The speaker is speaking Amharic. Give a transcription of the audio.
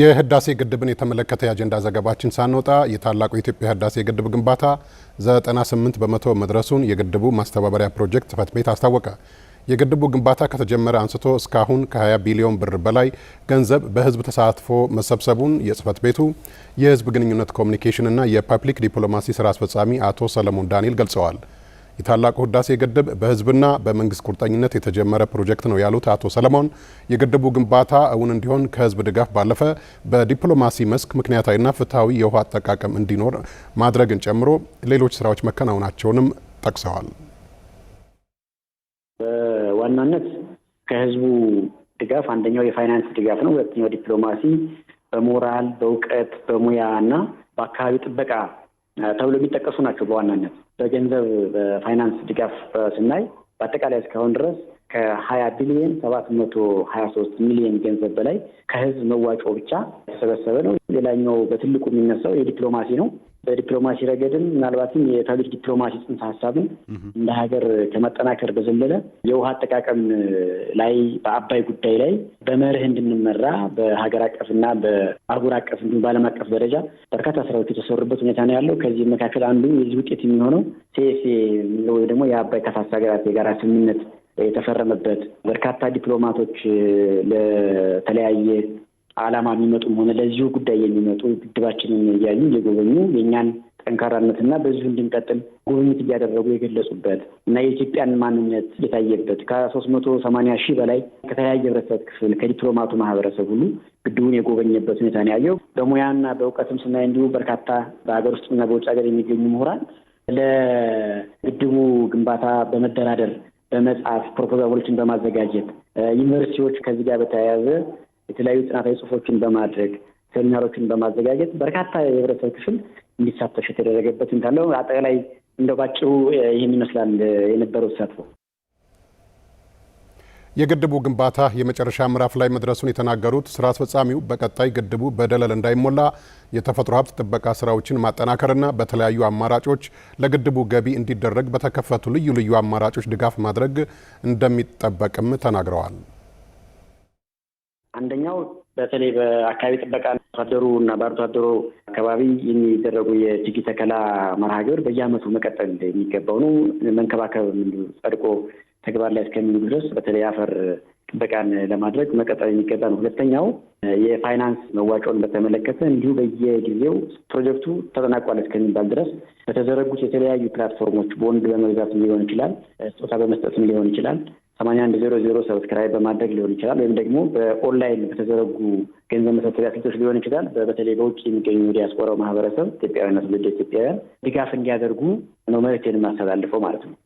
የህዳሴ ግድብን የተመለከተ የአጀንዳ ዘገባችን ሳንወጣ የታላቁ የኢትዮጵያ ህዳሴ ግድብ ግንባታ 98 በመቶ መድረሱን የግድቡ ማስተባበሪያ ፕሮጀክት ጽፈት ቤት አስታወቀ። የግድቡ ግንባታ ከተጀመረ አንስቶ እስካሁን ከ20 ቢሊዮን ብር በላይ ገንዘብ በህዝብ ተሳትፎ መሰብሰቡን የጽህፈት ቤቱ የህዝብ ግንኙነት ኮሚኒኬሽንና የፐብሊክ ዲፕሎማሲ ስራ አስፈጻሚ አቶ ሰለሞን ዳንኤል ገልጸዋል። የታላቁ ህዳሴ ግድብ በህዝብና በመንግስት ቁርጠኝነት የተጀመረ ፕሮጀክት ነው ያሉት አቶ ሰለሞን የግድቡ ግንባታ እውን እንዲሆን ከህዝብ ድጋፍ ባለፈ በዲፕሎማሲ መስክ ምክንያታዊና ፍትሐዊ የውሃ አጠቃቀም እንዲኖር ማድረግን ጨምሮ ሌሎች ስራዎች መከናወናቸውንም ጠቅሰዋል። በዋናነት ከህዝቡ ድጋፍ አንደኛው የፋይናንስ ድጋፍ ነው። ሁለተኛው ዲፕሎማሲ በሞራል በእውቀት በሙያ እና በአካባቢ ጥበቃ ተብሎ የሚጠቀሱ ናቸው። በዋናነት በገንዘብ በፋይናንስ ድጋፍ ስናይ በአጠቃላይ እስካሁን ድረስ ከሀያ ቢሊዮን ሰባት መቶ ሀያ ሶስት ሚሊዮን ገንዘብ በላይ ከህዝብ መዋጮ ብቻ የተሰበሰበ ነው። ሌላኛው በትልቁ የሚነሳው የዲፕሎማሲ ነው። በዲፕሎማሲ ረገድም ምናልባትም የታሪክ ዲፕሎማሲ ጽንሰ ሀሳብን እንደ ሀገር ከመጠናከር በዘለለ የውሃ አጠቃቀም ላይ በአባይ ጉዳይ ላይ በመርህ እንድንመራ በሀገር አቀፍና በአህጉር አቀፍ እንዲሁም በዓለም አቀፍ ደረጃ በርካታ ስራዎች የተሰሩበት ሁኔታ ነው ያለው። ከዚህ መካከል አንዱ የዚህ ውጤት የሚሆነው ሴፍ ወይ ደግሞ የአባይ ተፋሰስ ሀገራት የጋራ ስምምነት የተፈረመበት በርካታ ዲፕሎማቶች ለተለያየ ዓላማ የሚመጡም ሆነ ለዚሁ ጉዳይ የሚመጡ ግድባችንን እያዩ እየጎበኙ የእኛን ጠንካራነትና በዚሁ እንድንቀጥል ጉብኝት እያደረጉ የገለጹበት እና የኢትዮጵያን ማንነት የታየበት ከሶስት መቶ ሰማኒያ ሺህ በላይ ከተለያየ ህብረተሰብ ክፍል ከዲፕሎማቱ ማህበረሰብ ሁሉ ግድቡን የጎበኘበት ሁኔታ ነው ያየው። በሙያና በእውቀትም ስናይ እንዲሁ በርካታ በሀገር ውስጥና በውጭ ሀገር የሚገኙ ምሁራን ለግድቡ ግንባታ በመደራደር በመጽሐፍ ፕሮፖዛሎችን በማዘጋጀት ዩኒቨርሲቲዎች ከዚህ ጋር በተያያዘ የተለያዩ ጥናታዊ ጽሁፎችን በማድረግ ሴሚናሮችን በማዘጋጀት በርካታ የህብረተሰብ ክፍል እንዲሳተፍ የተደረገበት እንዳለው አጠቃላይ እንደ ባጭሩ ይህን ይመስላል የነበረው ተሳትፎ። የግድቡ ግንባታ የመጨረሻ ምዕራፍ ላይ መድረሱን የተናገሩት ስራ አስፈጻሚው በቀጣይ ግድቡ በደለል እንዳይሞላ የተፈጥሮ ሀብት ጥበቃ ስራዎችን ማጠናከርና በተለያዩ አማራጮች ለግድቡ ገቢ እንዲደረግ በተከፈቱ ልዩ ልዩ አማራጮች ድጋፍ ማድረግ እንደሚጠበቅም ተናግረዋል። አንደኛው በተለይ በአካባቢ ጥበቃ አርሶ አደሩ እና በአርቶ አደሩ አካባቢ የሚደረጉ የችግኝ ተከላ መርሃ ግብር በየአመቱ መቀጠል የሚገባው ነው። መንከባከብ ጸድቆ ተግባር ላይ እስከሚውሉ ድረስ በተለይ አፈር ጥበቃን ለማድረግ መቀጠል የሚገባ ነው። ሁለተኛው የፋይናንስ መዋጫውን በተመለከተ እንዲሁ በየጊዜው ፕሮጀክቱ ተጠናቋል እስከሚባል ድረስ በተዘረጉት የተለያዩ ፕላትፎርሞች ቦንድ በመግዛት ሊሆን ይችላል፣ ስጦታ በመስጠትም ሊሆን ይችላል ሰማንያ አንድ ዜሮ ዜሮ ሰብስክራይብ በማድረግ ሊሆን ይችላል። ወይም ደግሞ በኦንላይን በተዘረጉ ገንዘብ መሰብሰቢያ ስልቶች ሊሆን ይችላል። በተለይ በውጭ የሚገኙ ዲያስፖራው ማህበረሰብ ኢትዮጵያውያንና ትውልደ ኢትዮጵያውያን ድጋፍ እንዲያደርጉ ነው መልዕክቴን የማስተላልፈው ማለት ነው።